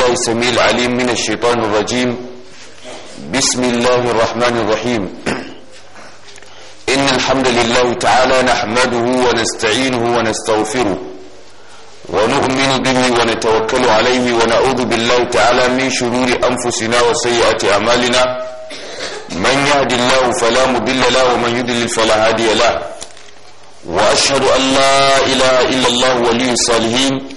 بالله السميع العليم من الشيطان الرجيم بسم الله الرحمن الرحيم إن الحمد لله تعالى نحمده ونستعينه ونستغفره ونؤمن به ونتوكل عليه ونعوذ بالله تعالى من شرور أنفسنا وسيئة أعمالنا من يهد الله فلا مضل له ومن يضلل فلا هادي له وأشهد أن لا إله إلا الله ولي الصالحين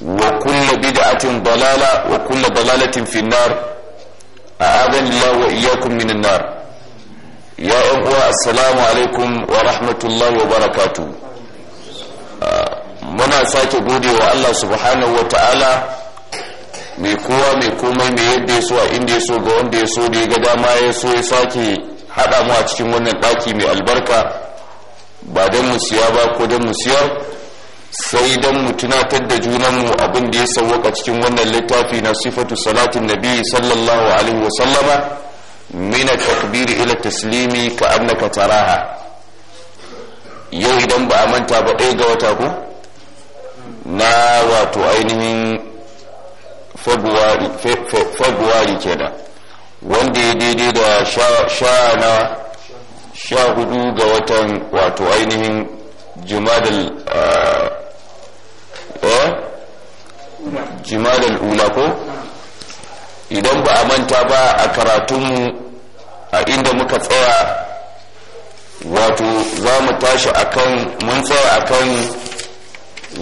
وكل بدعة ضلالة وكل ضلالة في النار أعاذني الله وإياكم من النار يا أبوة السلام wa ورحمة الله وبركاته muna sake gode wa Allah subhanahu wa ta'ala mai kowa mai komai mai yadda ya so a inda ya so ga wanda ya so da ya ga dama ya so ya sake haɗa mu a cikin wannan ɗaki mai albarka ba dan mu siya ba ko dan mu siyar sai don mu tunatar da junanmu abin da ya sauwaka cikin wannan littafi na sifatu salatin nabi sallallahu alaihi sallama min takbiri ila taslimi ka annaka taraha yau idan ba a manta ba ɗaya ga wata ko na wato ainihin february kenan wanda ya daidai da sha na sha hudu ga watan wato ainihin jumadal ah, Eh? jimalar ula ko idan ba a manta ba a karatunmu a inda muka tsaya wato za mu tashi akan mun tsaya akan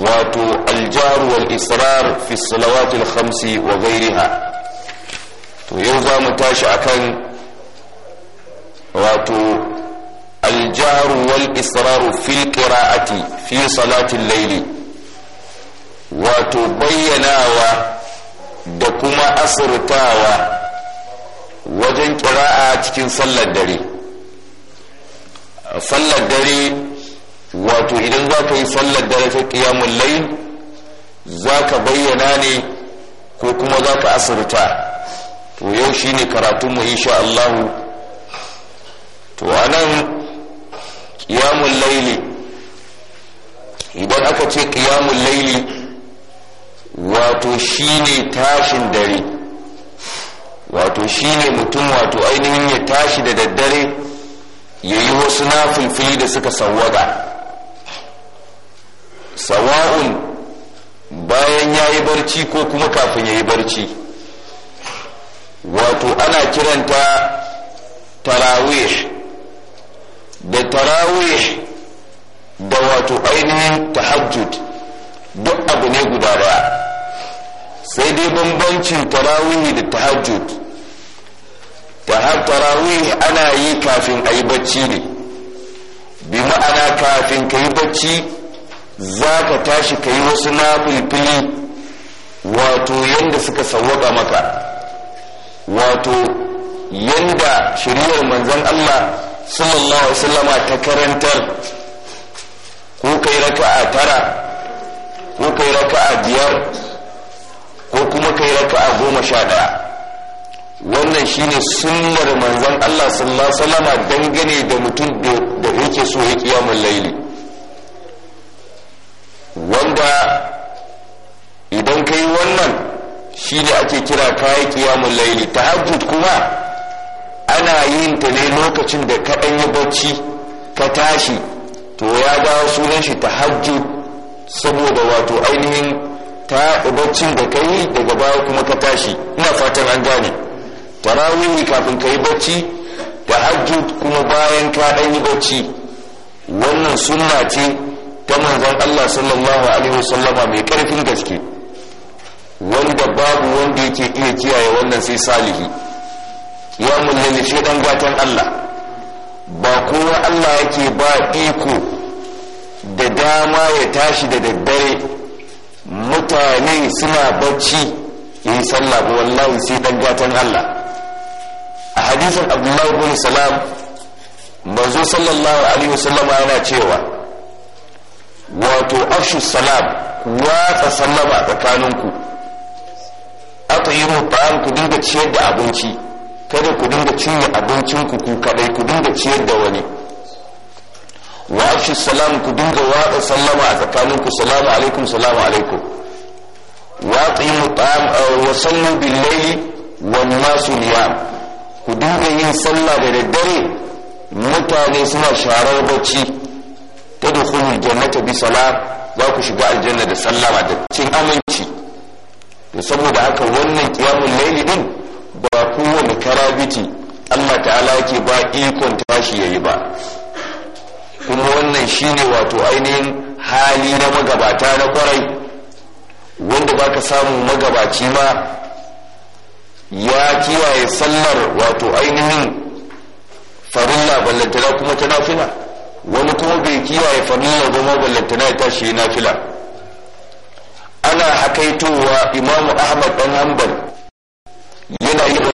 wato aljaru wal israr fi salawatul khamsi wa ghairiha to yau za mu tashi akan wato aljaru wal israr fil qira'ati fi salatil layli wato bayyanawa da kuma asirtawa wajen kira'a cikin sallar dare sallar dare wato idan za ka yi sallar dare ta kiyamun lai za ka bayyana ne ko kuma za ka asirta to yau shi ne karatunmu insha Allahu to a nan kiyamun laili idan aka ce kiyamun laili wato shine tashin dare wato shine mutum wato ainihin ya tashi da daddare ya yi wasu nafilfili da suka sawwaka sawa'un bayan ya yi barci ko kuma kafin ya yi barci wato ana kiranta tarawih da tarawih da wato ainihin tahajjud duk abu ne guda daya sai dai bambancin tarawihi da tahajjud tarawih ana yi kafin a yi bacci ne bi ma'ana kafin ka yi bacci za ka tashi ka yi wasu nafilfili wato yadda suka sawwaka maka wato yadda shiriyar manzon Allah sallallahu alaihi wasallama ta karantar ko kai raka'a tara ko kai raka'a biyar ko kuma kai raka'a goma sha daya wannan shine sunnar manzon Allah sallallahu alaihi wasallam dangane da mutum da yake so ya kiyamul laili wanda idan kai wannan shine ake kira yi kiyamul laili tahajjud kuma ana yin ta ne lokacin da ka yi bacci ka tashi to ya dawo sunan shi tahajjud saboda wato ainihin ta baccin da kai daga baya kuma ka tashi ina fatan an gane tarawihi kafin ka yi bacci da hajji kuma bayan ka ɗan yi bacci wannan sunna ce ta manzon Allah sallallahu alaihi wasallama mai karfin gaske wanda babu wanda yake iya kiyaye wannan sai salihi ya mullalle shi dan gatan Allah ba kowa Allah yake ba iko da dama ya tashi da daddare mutane suna bacci yi sallah ba wallahi sai dan gatan Allah a hadisin Abdullahi bin Salam manzo sallallahu alaihi wasallam yana cewa wato afshu salam watsa sallama tsakaninku yi ta'am ku dinga ciyar da abinci kada ku dinga cinye abincinku ku kadai ku dinga ciyar da wani wa shi salam ku dinga watsa sallama a tsakaninku salamu alaikum salamu alaikum wa qimu ta'am wa sallu bil nasu ku dinga yin sallah da daddare mutane suna sharar bacci tadkhulul jannata bi salam za ku shiga aljanna da sallama da cin aminci to saboda haka wannan qiyamul laili din ba kowane karabiti Allah ta'ala yake ba ikon tashi yayi ba kuma wannan shine wato ainihin hali na magabata na kwarai wanda ba ka samu magabaci ma ya kiwaye sallar wato ainihin farilla ballantana kuma ta nafila wani kuma bai kiwaye farilla goma ballantana ya tashi ya nafila ana hakaitowa imamu ahmad dan hanbal yana yi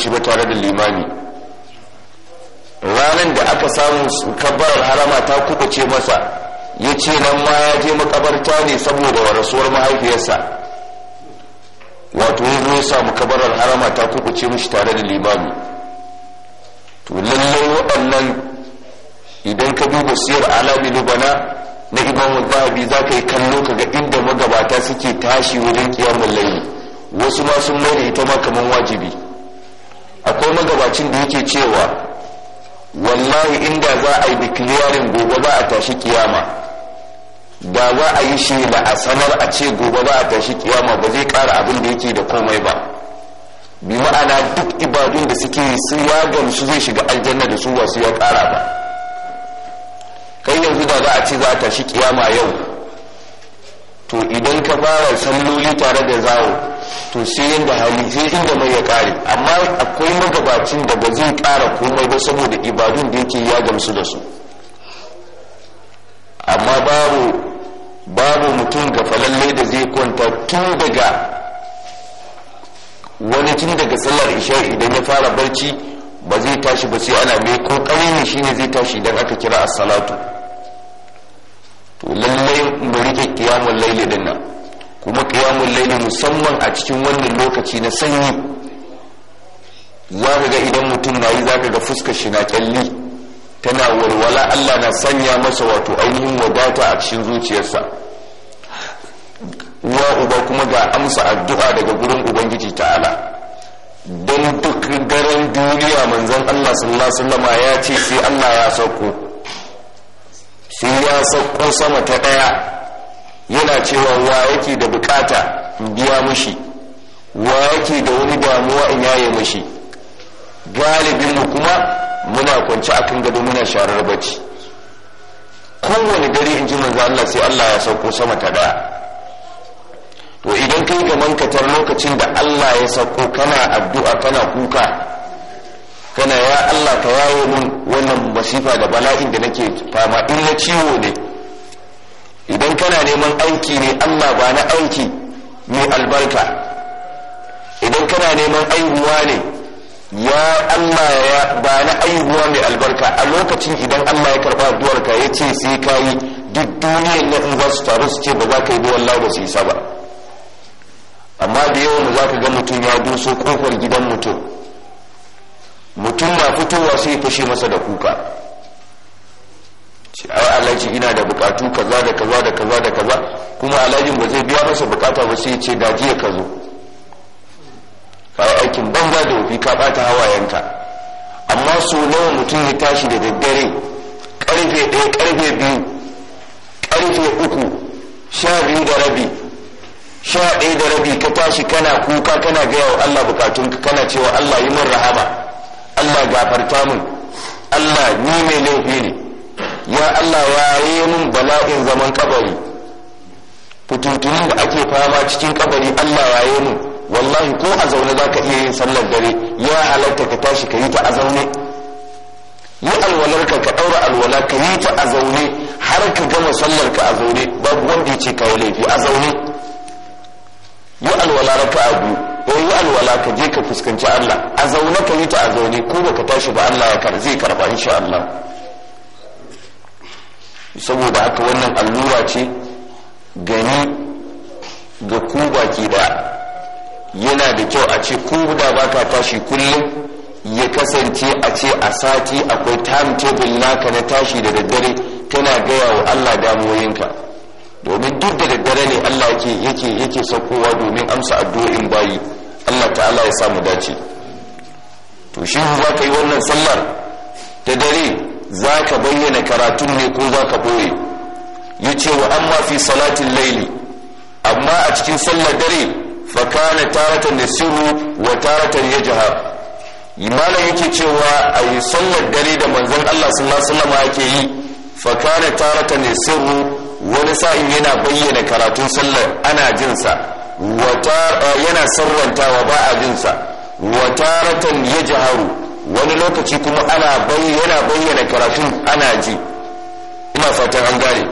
shi ba tare da limami ranar da aka samu kabarar harama ta kubuce masa ya ce nan ma ya je makabarta ne saboda rasuwar mahaifiyarsa wato yanzu ya samu kabarar harama ta kubuce mashi tare da limami to lallai waɗannan idan ka duba siyar alami lubana na imam zahabi za ka yi kallo ka ga inda magabata suke tashi wajen kiyamun laili wasu ma sun mai ita ma kamar wajibi akwai magabacin da yake cewa wallahi inda za a yi declaring gobe ba a tashi kiyama da za a yi shi da a sanar a ce gobe ba a tashi kiyama ba zai kara abin da yake da komai ba bi ma'ana duk ibadun da suke yi sun ya gamsu zai shiga aljanna da su wasu ya kara ba kai yanzu da za a ce za a tashi kiyama yau to idan ka fara salloli tare da zawo to sai yadda hali sai inda mai ya kare amma akwai magabacin da ba zai kara komai ba saboda ibadun da yake ya gamsu da su amma babu mutum ga falalle da zai kwanta tun daga wani tun daga sallar isha idan ya fara barci ba zai tashi ba sai ana mai kokari ne shine zai tashi idan aka kira as-salatu to lallai mu rike kiyamul laili da kuma kiyamun laili musamman a cikin wannan lokaci na sanyi za ka ga idan mutum na yi za ka ga fuskar shi na kyalli tana walwala allah na sanya masa wato ainihin wadata a cikin zuciyarsa wa uba kuma ga amsa addu'a daga gurin ubangiji ta'ala don duk daren duniya manzon allah sallallahu ya ce sai allah ya sauko sai ya sauko sama ta ɗaya. yana cewa wa yake da bukata in biya mushi wa yake da wani damuwa in yaye mushi galibin mu kuma muna kwanci akan gado muna sharar bacci kowane dare in ji manzo Allah sai Allah ya sauko sama ta daya to idan kai ga mankatar lokacin da Allah ya sauko kana addu'a kana kuka kana ya Allah ka yawo mun wannan masifa da bala'in da nake fama in na ciwo ne idan kana neman aiki ne Allah ba na aiki mai albarka idan kana neman aihuwa ne ya Allah ya ba na aihuwa mai albarka a lokacin idan Allah ya karba addu'arka ya ce sai ka yi duk duniyar na in su taru su ce ba za ka yi buwan wallahi su isa ba amma da yawan za ka ga mutum ya duso kofar gidan mutum mutum na fitowa sai fashe masa da kuka ai alhaji ina da bukatu kaza da kaza da kaza da kaza kuma alhajin ba zai biya masa bukata ba sai ce gajiya ka zo ka yi aikin banza da wofi ka bata hawayenka amma so nawa mutum ya tashi da daddare karfe ɗaya karfe biyu karfe uku sha biyu da rabi sha ɗaya da rabi ka tashi kana kuka kana gaya wa allah ka kana cewa allah yi min rahama allah gafarta min allah ni mai laifi ne ya Allah waye mun bala'in zaman kabari fitintunin da ake fama cikin kabari Allah waye mun wallahi ko a zaune za ka iya yin sallar dare ya halatta ka tashi ka yi ta a zaune yi alwalarka ka ɗaura alwala ka yi ta a zaune har ka gama sallar ka a zaune babu wanda ya ce kawo laifi a zaune yi alwala raka a biyu ko eh, yi alwala ka je ka fuskanci Allah a zaune ka yi ta a zaune ko ka tashi ba Allah ya kar zai karba insha Allah saboda haka wannan allura ce gani ga ku baki da yana da kyau a ce ko da baka tashi kullum ya kasance a ce a sati akwai timetable naka na tashi da daddare tana gaya wa Allah damuwoyinka domin duk da daddare ne Allah yake yake yake saukowa domin amsa addu'o'in bayi Allah ta'ala ya samu dace to shi za ka yi wannan sallar da dare za ka bayyana karatun ne ko za ka boye ya ce wa amma fi salatin laili amma a cikin sallar dare kana taratan da siru wa taratan ya malam yake cewa a yi sallar dare da manzon allah sallallahu alaihi ake yi kana taratan da siru wani sa'in yana bayyana karatun sallar ana jinsa yana sarrantawa ba a jinsa wa taratan ya jiharu wani lokaci kuma ana yana bayyana karatun ana ji ina fatan an gane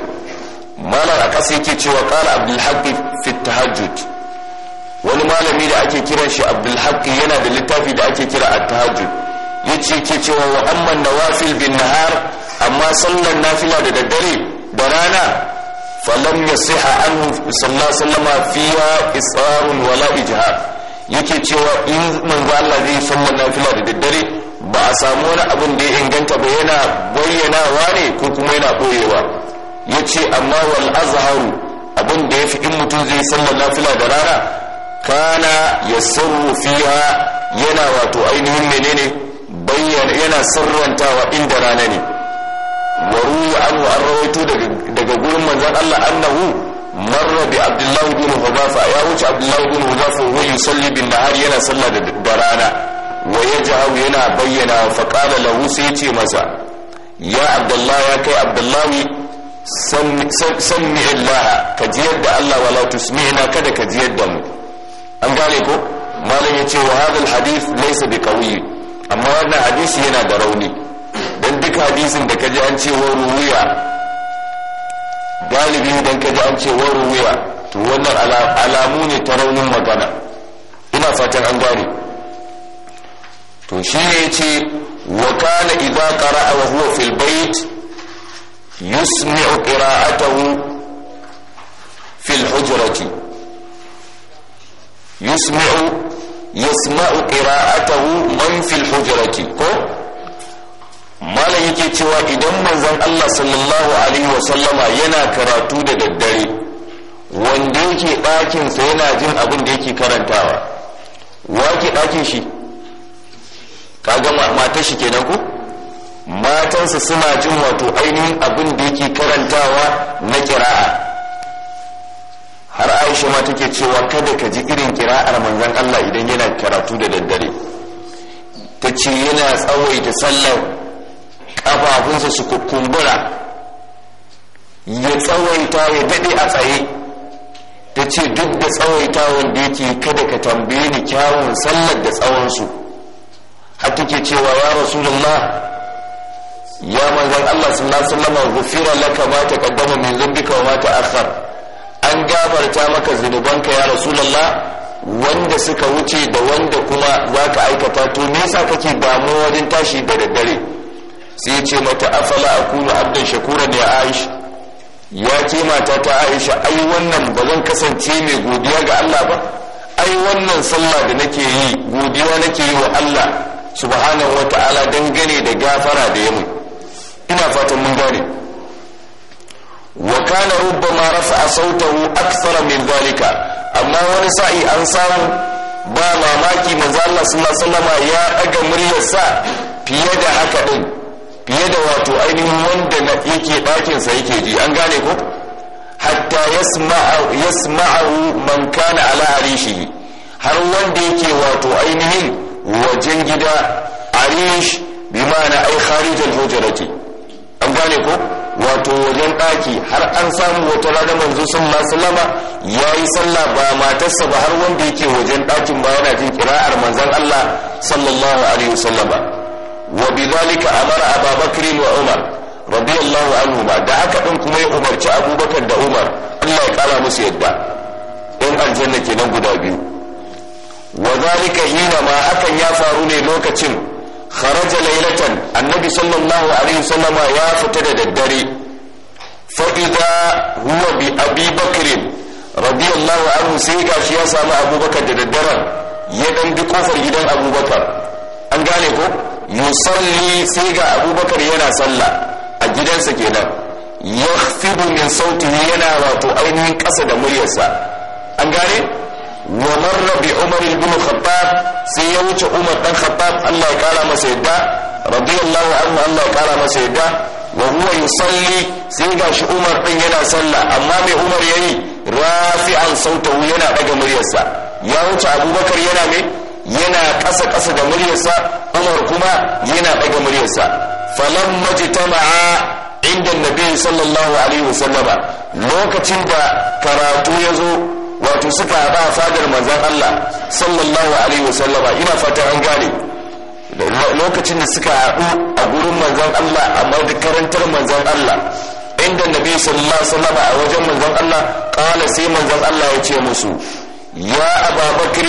malam a ƙasa yake cewa ƙara abdulhaqi fi tahajjud wani malami da ake kiran shi abdulhaqi yana da littafi da ake kira at-tahajjud yace ke cewa wa amma nawafil bin nahar amma sallan nafila da daddare da rana falam yasiha anhu sallallahu alaihi fiha isarun wala ijhar yake cewa in manzo Allah zai sallan nafila da daddare ba a samu wani abin da ya inganta ba yana bayyanawa ne ko kuma yana koyewa ya ce amma wal azharu abin da ya fi in mutum zai sallar lafila da rana kana ya sarru fiya yana wato ainihin menene bayyana yana sarrantawa inda rana ne waru an rawaito daga gurin manzan Allah annahu marra bi abdullahi bin hudafa ya wuce abdullahi bin hudafa wani yusalli bin nahar yana sallar da rana wa yaj'alu yana bayyana fa qala lahu sai ce masa ya abdullah ya kai abdullahi sami Allah ka jiyar da Allah wala tusmi'na kada ka jiyar da mu an gane ko malam ya ce wa hadal hadith laysa bi qawi amma wannan hadisi yana da rauni dan duk hadisin da kaji an ce wa ruwiya galibi dan kaji an ce wa ruwiya to wannan alamu ne ta raunin magana ina fatan an gane to shi ne ce wa kana idza qara'a wa huwa ta hu yusmi'u qira'atahu fil hujrati yusmi'u ta hu man fil ko malam yake cewa idan manzon Allah sallallahu alaihi wa sallama yana karatu da daddare wanda yake ɗakinsa yana jin abin da yake karantawa wake ɗakin shi kaga matan shi kenan ko matansa suna jin wato ainihin abin da yake karantawa na kira'a har aisha ma take cewa kada ka ji irin kira'ar manzon Allah idan yana karatu da daddare ta ce yana tsawaita sallar kafafunsa su kukumbura ya tsawaita ya daɗe a tsaye ta ce duk da tsawaita wanda yake kada ka tambaye ni kyawun sallar da tsawonsu har take cewa ya rasulullah ya manzan Allah sallallahu alaihi wasallam gufira laka ma kaddama min dhanbika wa ma akhar an gafarta maka zunubanka ya rasulullah wanda suka wuce da wanda kuma zaka aikata to me yasa kake damuwa wajen tashi da daddare sai ya ce mata afala akulu abdan shakura ya aisha ya ce mata ta aisha ai wannan ba zan kasance mai godiya ga Allah ba ai wannan sallah da nake yi godiya nake yi wa Allah subhanahu wa ta'ala dangane da gafara da yamu ina fatan mun gane wa kana rubbama rafa'a sautahu akthara min zalika amma wani sa'i an samu ba mamaki manzo Allah sallallahu alaihi ya daga muryarsa fiye da haka din fiye da wato ainihin wanda yake dakin sa yake ji an gane ko hatta yasma'u yasma'u man kana ala arishihi har wanda yake wato ainihin wajen gida arish bi ma'ana ai kharijal hujrati an gane ko wato wajen daki har an samu wata rana manzo sallallahu alaihi wasallama yayi sallah ba matarsa ba har wanda yake wajen dakin ba yana jin kira'ar manzon Allah sallallahu alaihi wasallama wa bidhalika amara Abubakar wa Umar radiyallahu anhuma da haka din kuma ya umarci Abubakar da Umar Allah ya kara musu yadda in aljanna kenan guda biyu wazalika zalika hina ma akan ya faru ne lokacin kharaja laylatan annabi sallallahu ya fita da daddare fa idza huwa bi abi bakr anhu sai gashi ya sami abubakar da daddaren ya dan bi gidan abubakar an gane ko musalli sai ga abubakar yana sallah a gidansa kenan yakhfidu min sautihi yana wato ainihin ƙasa da muryarsa an gane wa marra bi umar ibn khattab sai ya wuce umar dan khattab Allah ya kara masa yadda radiyallahu anhu Allah ya kara masa yadda wa huwa yusalli sai gashi umar din yana sallah amma mai umar yayi rafi'an sautahu yana daga muryarsa ya wuce abubakar yana ne yana kasa kasa da muryarsa umar kuma yana daga muryarsa falamma jitama'a inda nabi sallallahu alaihi wasallama lokacin da karatu ya zo wato suka haɗa fadar manzan Allah sallallahu alaihi wasallama ina fata an gane lokacin da suka haɗu a gurin manzan Allah a makarantar manzan Allah inda nabi sallallahu alaihi wasallama a wajen manzan Allah ƙala sai manzan Allah ya ce musu ya ababakar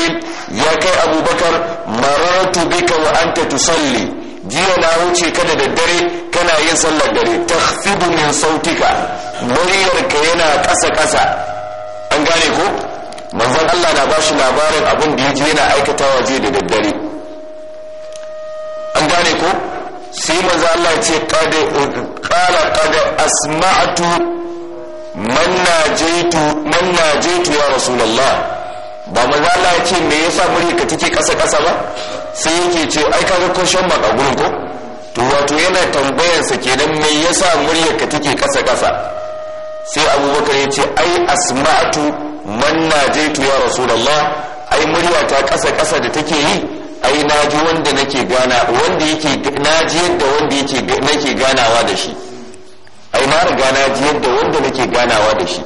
ya kai abubakar marartu bika wa anta tusalli jiya na wuce kada da dare kana yin sallar dare tahfidu min sautika muryarka yana ƙasa ƙasa an gane ko manzon Allah na bashi labarin abin da yaje yana aikatawa jiya da daddare an gane ko sai manzon Allah ya ce kada kala kada asma'tu man najaitu man najaitu ya rasulullah ba manzon Allah ya ce me yasa ka take kasa kasa ba sai yake ce ai kaga ko shan maka gurin ko to wato yana tambayarsa kenan me yasa ka take kasa kasa sai abubakar ya ce ai asma'atu man najaitu ya rasulullah ai murya ta kasa kasa da take yi ai naji wanda nake gana wanda yake naji yadda wanda yake nake ganawa da shi ai na riga naji yadda wanda nake ganawa da shi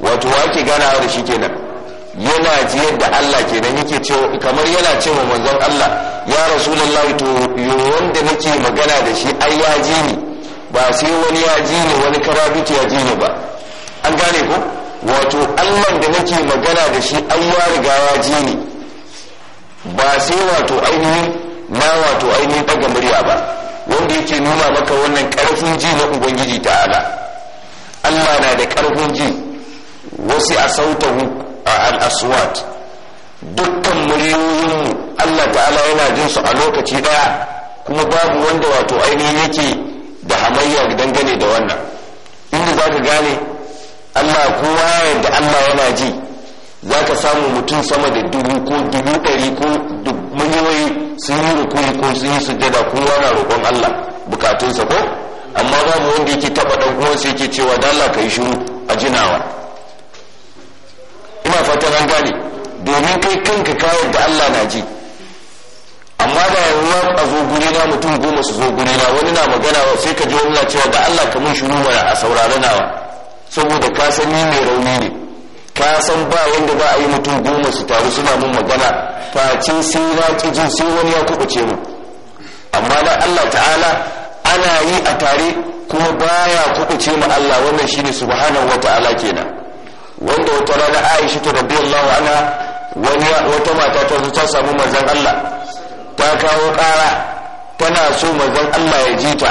wato wa ke ganawa da shi kenan yana ji yadda Allah kenan yake ce kamar yana ce wa manzon Allah ya rasulullahi to wanda nake magana da shi ai ya ji ni ba sai wani ya ji ni wani karabiti ya ji ni ba an gane ko wato allah da nake magana da shi an ya riga ya ji ni ba sai wato ainihin na wato ainihin daga murya ba wanda yake nuna maka wannan karfin ji na ubangiji ala allah na da karfin ji wasu a sauta a al-aswat dukkan muryoyin allah ta'ala yana jin su a lokaci daya kuma babu wanda wato ainihin yake da hamayya dangane da wannan inda za ka gane Amma kowa yadda Allah yana ji za ka samu mutum sama da dubu ko dubu ɗari ko miliyoyi sun yi rukuni ko sun yi sujada kowa na roƙon Allah bukatunsa ko amma babu wanda yake taɓa ɗan sai yake cewa da Allah ka yi shiru a jinawa ina fatan an gane domin kai kanka ka yadda Allah na ji amma da yawa a zo guri na mutum goma su zo guri na wani na magana sai ka ji wani cewa da Allah ka mun shiru mana a saurari nawa saboda ka san ni mai rauni ne ka san ba wanda ba a yi mutum goma su taru suna mun magana face sai na ki jin sai wani ya kubuce mu amma na Allah ta'ala ana yi a tare kuma baya kubuce mu Allah wannan shine subhanahu wata'ala kenan wanda wata rana Aisha ta radiyallahu anha wani wata mata ta zo ta samu manzon Allah ta kawo ƙara tana so manzon Allah ya ji ta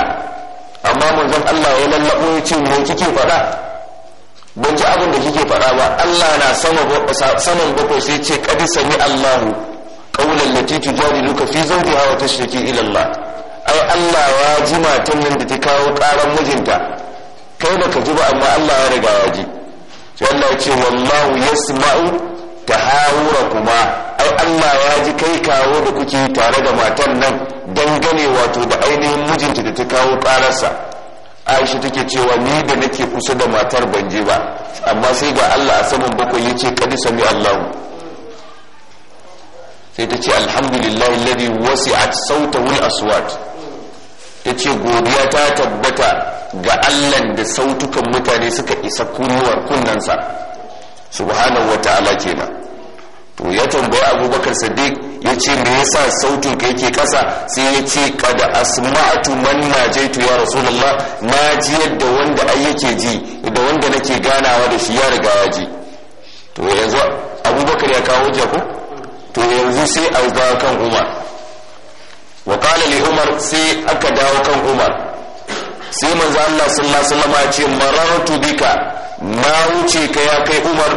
amma manzon Allah ya lallabo ya ce me kike faɗa ban abin da kike faɗa ba Allah na saman bakwai sai ce kadi sami Allahu qawlan lati tujadiluka fi zawjiha hawa tashtaki ila Allah ai Allah ya ji matan nan da ta kawo karan mijinta kai baka ji ba amma Allah ya riga ya ji sai Allah ya ce wallahu yasma'u tahawurakuma ai Allah ya ji kai kawo da kuke tare da matan nan dangane wato da ainihin mijinta da ta kawo kararsa aisha take cewa ni da nake kusa da matar ban je ba amma sai ga allah a saman bakwai ya ce kadi sami allah sai ta ce alhamdulillah ladi wasi'at wul aswat ta ce godiya ta tabbata ga allah da sautukan mutane suka isa kunnansa subhanahu wa ta'ala kenan to ya tambayi abubakar sadiq ya ce me yasa sautin ka yake kasa sai ya ce kada asma'atu man najaitu ya rasulullah na ji yadda wanda ai yake ji da wanda nake ganawa da shi ya riga ya ji to yanzu abubakar ya kawo hujja ko to yanzu sai a ga kan umar wa qala li umar sai aka dawo kan umar sai manzo Allah sallallahu alaihi wasallam ya ce marartu bika na wuce ka ya kai umar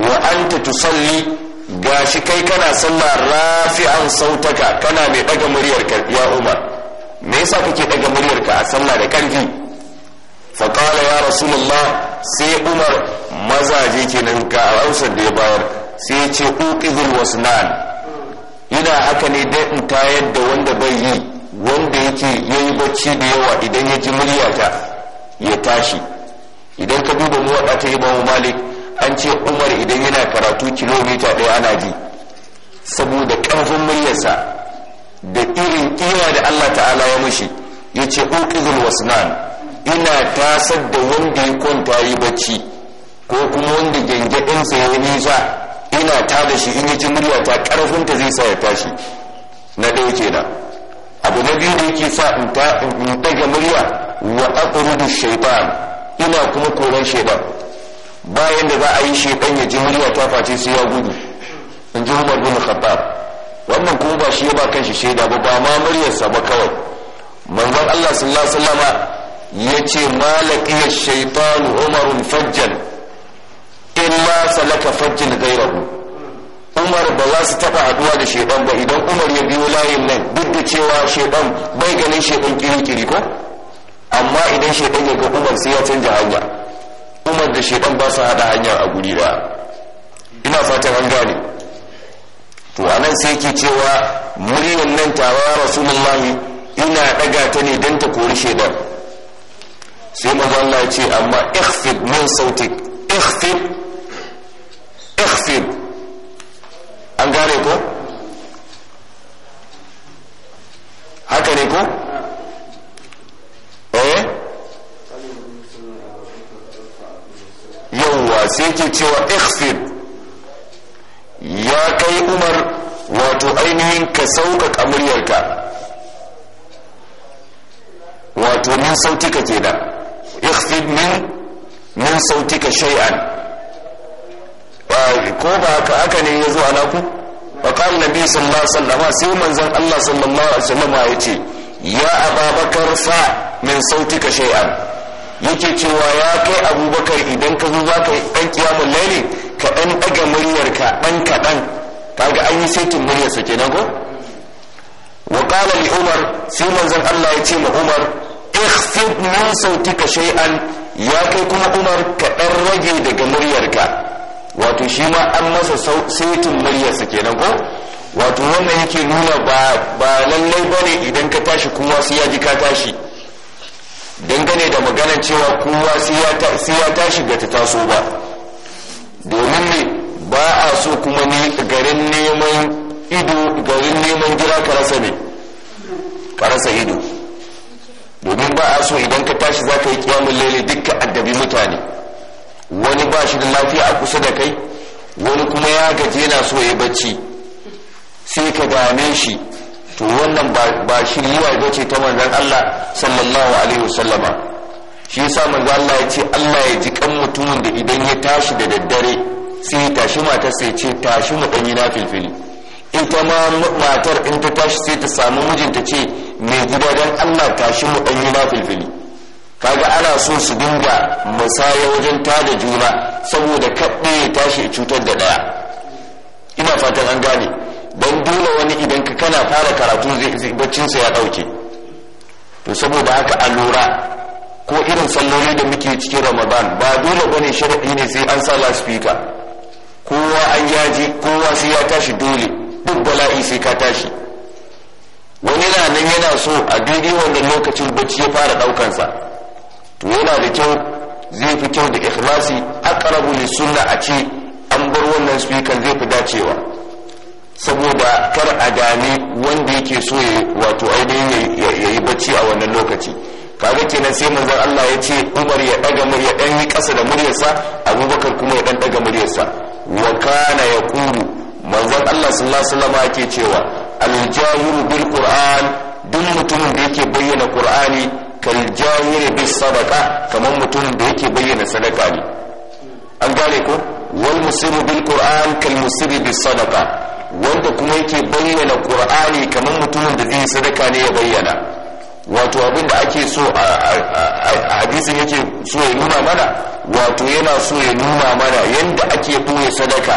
wa anta tusalli gashi kai kana sallah rafi'an sautaka kana mai daga muryarka ya umar me yasa kake daga muryarka a sallah da karfi fa qala ya rasulullah sai umar mazaje kenan ka a ausar da ya bayar sai ce uqizul wasnan ina haka ne dai in tayar da wanda bai yi wanda yake yayi bacci da yawa idan ya ji muryata ya tashi idan ka duba mu wadata imamu malik an ce umar idan yana karatu kilomita ɗaya ana ji saboda ƙarfin muryarsa da irin iya da allah ta'ala ya mushi ya ce uqizul wasnan ina tasar da wanda ya kwanta yi bacci ko kuma wanda gyangyaɗinsa ya nisa ina ta da shi in yi ji murya ta ta zai sa ya tashi na ɗaya kenan abu na biyu da yake sa in daga murya wa aqrudu shaitan ina kuma koran shaitan bayan da za a yi shekan ya ji murya ta face sai ya gudu in ji umar bin khattab wannan kuma ba shi ya ba kanshi shaida ba ba ma muryarsa ba kawai manzon Allah sallallahu alaihi wasallama yace malaqiya shaitan umar fajjan illa salaka fajjan gairahu umar ba za su taba haduwa da shaiɗan ba idan umar ya biyo layin nan duk da cewa shedan bai ganin shedan kirikiri ko amma idan shedan ya ga umar sai ya canja hanya umar da shaidan ba su hada hanya a guri da ina fatan an gane to anan sai ke cewa muryan nan tawa rasulullahi ina daga ta ne don ta kori shaidan sai mazalla ce amma ikhfid min sauti ikhfid ikhfid an gane ko sai yake cewa ikhfid ya kai umar wato ainihin ka sauka kamuriyarka wato min sautika kenan ikhfid min min sautika shay'an ko ba haka haka ne ya zo a naku wa kan nabi sallallahu alaihi wasallam sai manzon Allah sallallahu alaihi wasallam ya ce ya ababakar fa min sautika shay'an yake cewa ya kai abubakar idan ka zo za ka yi ɗan kiyamun laili ka ɗan ɗaga muryarka ɗan kaɗan kaga an yi saitin muryarsa kenan ko wa ƙala li umar sai manzon Allah ya ce ma umar ikhfid min sautika shay'an ya kai kuma umar ka ɗan rage daga muryarka wato shi ma an masa saitin muryarsa kenan ko wato wannan yake nuna ba lallai bane idan ka tashi kuma sai ya ji ka tashi dangane da maganar cewa kowa sai ya tashi ga ta taso ba domin ne ba a so kuma ne garin neman ido garin neman gira karasa ne karasa ido domin ba a so idan ka tashi za ka yi kiyamun lele dukkan addabi mutane wani ba shi da lafiya a kusa da kai wani kuma ya gaji yana so ya bacci sai ka dame shi to wannan ba shiriwa ba ce ta manzan Allah sallallahu alaihi wasallama shi yasa manzon Allah ya ce Allah ya ji kan mutumin da idan ya tashi da daddare sai ya tashi matar sai ce tashi mu danyi na filfili ita ma matar in ta tashi sai ta samu mijinta ce mai gida dan Allah tashi mu danyi na filfili kaga ana so su dinga musaya wajen tada juna saboda kaɗe ya tashi cutar da ɗaya ina fatan an gane don dole wani idan ka kana fara karatu zai baccinsa ya dauke. to saboda haka a lura ko irin salloli da muke cikin ramadan ba dole bane sharaɗi ne sai an sa laspika kowa an yaji kowa sai ya tashi dole duk bala'i sai ka tashi wani na yana so a daidai wannan lokacin bacci ya fara ɗaukansa to yana da kyau zai fi kyau da ikhlasi aqrabu lis sunna a ce an bar wannan speaker zai fi dacewa saboda kar a dami wanda yake so ya wato ainihin ya yi bacci a wannan lokaci kaga kenan sai manzon Allah ya ce Umar ya daga murya dan yi kasa da muryarsa Abubakar kuma ya dan daga muryarsa wa kana yaqulu manzon Allah sallallahu alaihi wasallam yake cewa al-jahiru bil qur'an duk mutumin da yake bayyana qur'ani kal jahir bis sadaqa kamar mutumin da yake bayyana sadaka ne an gane ko wal musiru bil qur'an kal musiru bis sadaqa wanda kuma yake bayyana qur'ani kamar mutumin da zai sadaka ne ya bayyana wato abin da ake so a hadisin yake so ya nuna mana wato yana so ya nuna mana yanda ake boye sadaka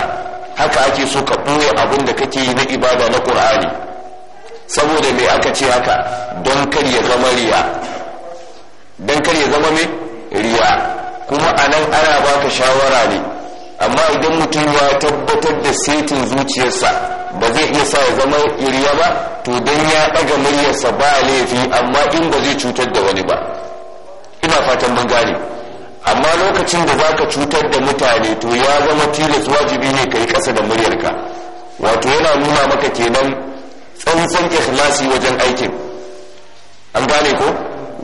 haka ake so ka boye abin da kake yi na ibada na qur'ani saboda me aka ce haka don kar ya zama riya don kar ya zama me riya kuma anan ana baka shawara ne amma idan mutum ya tabbatar da setin zuciyarsa ba zai iya sa ya zama iriya ba to dan ya ɗaga muryarsa ba laifi amma in ba zai cutar da wani ba ina fatan mun gane amma lokacin da zaka cutar da mutane to ya zama tilas wajibi ne kai ƙasa da muryarka wato yana nuna maka kenan tsantsan ikhlasi wajen aikin an gane ko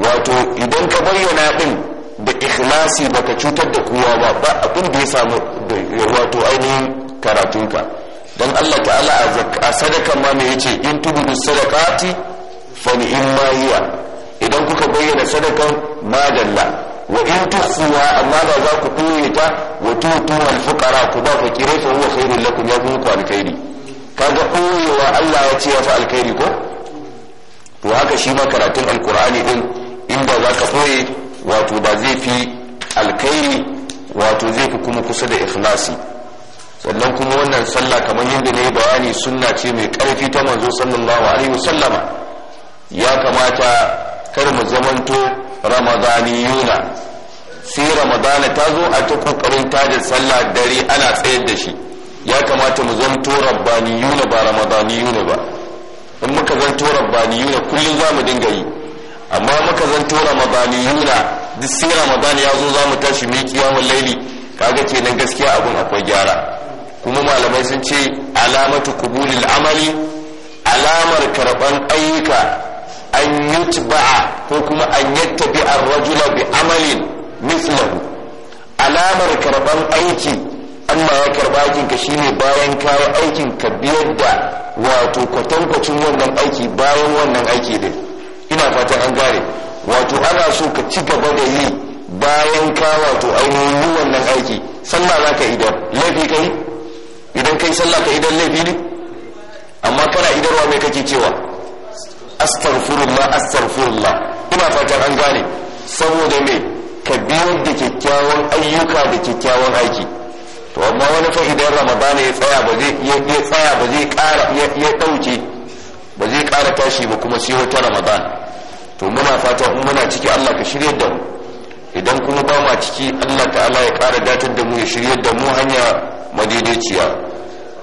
wato idan ka bayyana din da ikhlasi baka cutar da kowa ba ba abin da ya samu wato ainihin karatunka don Allah ta'ala a sadaka ma mai yace in tubudu sadaqati fa ni'ma hiya idan kuka bayyana sadakan madalla wa in tuhsuha amma ba za ku koye ta wa tutuwa al-fuqara ku ba fakirai fa huwa khairul lakum ya kuma alkhairi kaga wa Allah ya ce ya fa alkhairi ko to haka shi ma karatun alkur'ani din in ba za ka koye wato ba zai fi alkhairi wato zai fi kuma kusa da ikhlasi sannan kuma wannan sallah kamar yadda na yi bayani sunna ce mai karfi ta manzo sallallahu alaihi wasallama ya kamata kar mu zamanto ramadaniyuna sai ramadana ta zo a ta kokarin tajin sallah dare ana tsayar da shi ya kamata mu zanto yuna ba yuna ba in muka zanto yuna kullum za mu dinga yi amma muka zan zanto yuna duk sai ramadan ya zo za mu tashi mai kiyamun laili kaga kenan gaskiya abun akwai gyara kuma malamai sun ce alamatu kubulil amali alamar karban ayyuka an tuba'a ko kuma an yattabi an rajula bi amalin mislahu alamar karban aiki amma ya karba aikinka shine bayan kawo aikin ka biyar da wato kwatankwacin wannan aiki bayan wannan aiki din ina fatan an gane wato ana so ka ci gaba da yi bayan ka wato ainihin yi wannan aiki sallah za ka idan laifi ka yi idan kai sallah ka idan laifi ne amma kana idarwa mai kake cewa astaghfirullah astaghfirullah ina fatan an gane saboda me ka biyar da kyakkyawan ayyuka da kyakkyawan aiki to amma wani fa idan ramadana ya tsaya ba zai ya tsaya ba zai kara ya dauke ba zai kara tashi ba kuma sai wata ramadan to muna fatan in muna ciki Allah ka shirye da mu idan kuma ba ma ciki Allah ta'ala ya kara datar da mu ya shirya da mu hanya madaidaiciya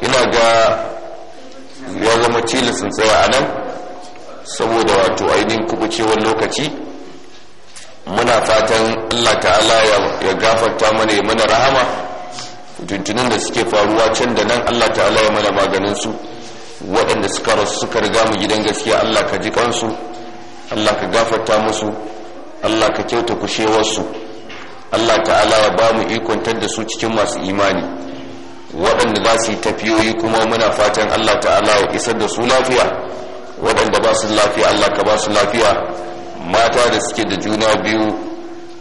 ina ga ya zama tilisin tsaya a nan saboda wato ainihin kubucewar lokaci muna fatan Allah ta'ala ya gafarta mana ya mana rahama tuntunin da suke faruwa can da nan Allah ta'ala ya mana maganin su waɗanda suka rasu suka riga mu gidan gaskiya Allah ka ji kansu Allah ka gafarta musu Allah ka kyauta kushewarsu Allah ta'ala ya ba mu ikon da su cikin masu imani waɗanda za su yi tafiyoyi kuma muna fatan Allah ta'ala ya isar da su lafiya waɗanda ba su lafiya Allah ka ba su lafiya mata da suke da juna biyu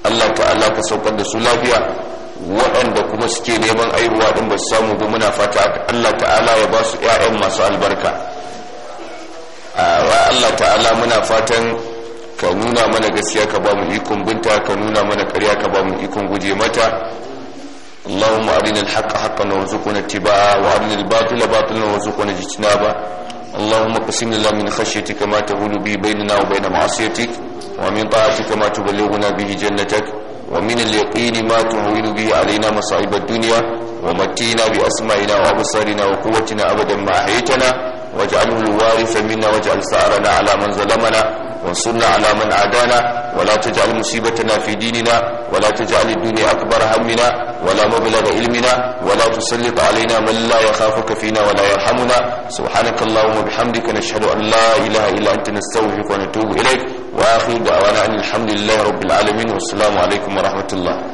Allah ta'ala ka saukar da su lafiya waɗanda kuma suke neman aihuwa ɗin ba su samu ba muna fata Allah ta'ala ya ba su 'ya'yan masu albarka wa Allah ta'ala muna fatan ka nuna mana gaskiya ka ba mu ikon binta ka nuna mana ƙarya ka ba mu ikon guje mata اللهم أرنا الحق حقا وارزقنا اتباعه وأرنا الباطل باطلا وارزقنا اجتنابه اللهم قسم لنا من خشيتك ما تهول به بيننا وبين معصيتك ومن طاعتك ما تبلغنا به جنتك ومن اليقين ما تهون به علينا مصائب الدنيا ومتينا بأسمائنا وأبصارنا وقوتنا أبدا ما أحيتنا واجعله الوارث منا واجعل ثأرنا على من ظلمنا وانصرنا على من عادانا ولا تجعل مصيبتنا في ديننا ولا تجعل الدنيا أكبر همنا ولا مبلغ علمنا ولا تسلط علينا من لا يخافك فينا ولا يرحمنا سبحانك اللهم وبحمدك نشهد أن لا إله إلا أنت نستغفرك ونتوب إليك وآخر دعوانا أن الحمد لله رب العالمين والسلام عليكم ورحمة الله